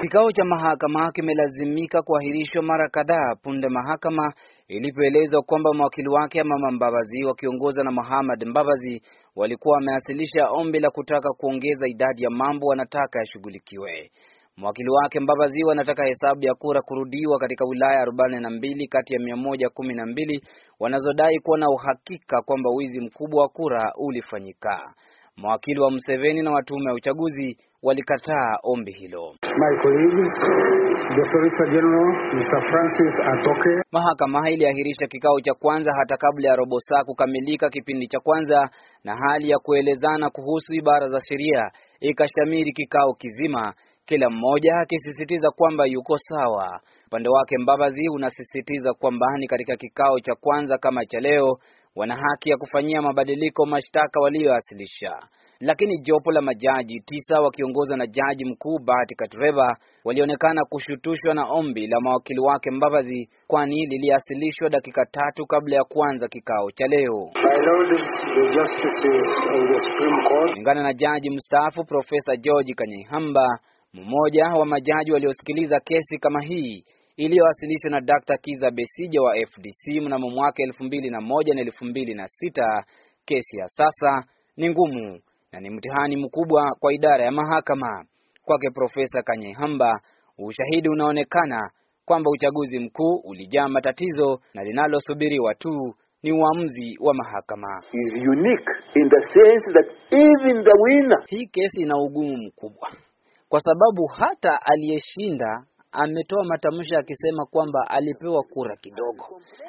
Kikao cha mahakama kimelazimika kuahirishwa mara kadhaa punde mahakama ilipoelezwa kwamba mawakili wake Amama Mbabazi wakiongoza na Muhammad Mbabazi walikuwa wameasilisha ombi la kutaka kuongeza idadi ya mambo wanataka yashughulikiwe. Mwakili wake Mbabazi wanataka hesabu ya kura kurudiwa katika wilaya 42 kati ya 112 wanazodai kuwa na uhakika kwamba wizi mkubwa wa kura ulifanyika. Mawakili wa Museveni na watume wa uchaguzi walikataa ombi hilo. Mahakama iliahirisha kikao cha kwanza hata kabla ya robo saa kukamilika kipindi cha kwanza, na hali ya kuelezana kuhusu ibara za sheria ikashamiri kikao kizima, kila mmoja akisisitiza kwamba yuko sawa. Upande wake Mbabazi unasisitiza kwamba ni katika kikao cha kwanza kama cha leo wana haki ya kufanyia mabadiliko mashtaka waliyowasilisha, lakini jopo la majaji tisa wakiongozwa na jaji mkuu Bart Katureba walionekana kushutushwa na ombi la mawakili wake Mbabazi, kwani liliasilishwa dakika tatu kabla ya kuanza kikao cha leo. Kulingana na jaji mstaafu Profesa George Kanyeihamba, mmoja wa majaji waliosikiliza kesi kama hii iliyowasilishwa na Dr. Kiza Besija wa FDC mnamo mwaka 2001 na 2006. Kesi ya sasa ni ngumu na ni mtihani mkubwa kwa idara ya mahakama. Kwake Profesa Kanyehamba, ushahidi unaonekana kwamba uchaguzi mkuu ulijaa matatizo na linalosubiriwa tu ni uamuzi wa mahakama. Hii kesi ina ugumu mkubwa kwa sababu hata aliyeshinda ametoa matamshi akisema kwamba alipewa kura kidogo.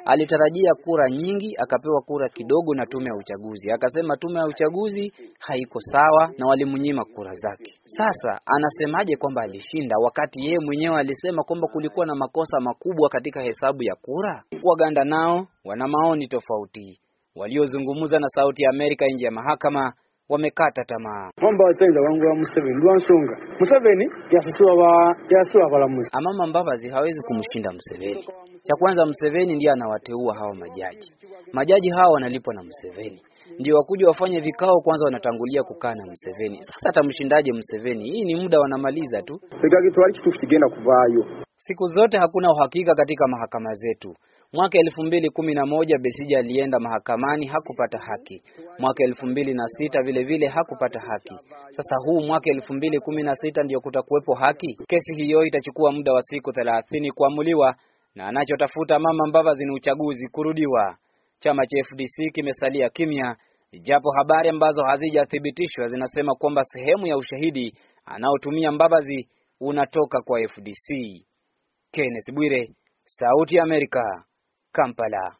Alitarajia kura nyingi, akapewa kura kidogo na tume ya uchaguzi. Akasema tume ya uchaguzi haiko sawa na walimnyima kura zake. Sasa anasemaje kwamba alishinda wakati yeye mwenyewe alisema kwamba kulikuwa na makosa makubwa katika hesabu ya kura? Waganda nao wana maoni tofauti. Waliozungumza na Sauti ya Amerika nje ya mahakama wamekata tamaa bomba wasenza wa Museveni lwansonga Museveni yasusiwa wa yasuwa balamuzi amama mbabazi hawezi kumshinda Museveni. Cha kwanza Museveni ndiye anawateua hawa majaji. Majaji hawa wanalipwa na Museveni ndio wakuja wafanye vikao, kwanza wanatangulia kukaa na Museveni. Sasa atamshindaje Museveni? Hii ni muda wanamaliza tu. Siku zote hakuna uhakika katika mahakama zetu. Mwaka 2011 Besija alienda mahakamani hakupata haki. Mwaka 2006 vile vile hakupata haki. Sasa huu mwaka 2016 ndio kutakuwepo haki? Kesi hiyo itachukua muda wa siku 30 kuamuliwa na anachotafuta mama Mbavazi ni uchaguzi kurudiwa. Chama cha FDC kimesalia kimya, japo habari ambazo hazijathibitishwa zinasema kwamba sehemu ya ushahidi anaotumia Mbavazi unatoka kwa FDC. Kenneth Bwire, Sauti ya Amerika. Kampala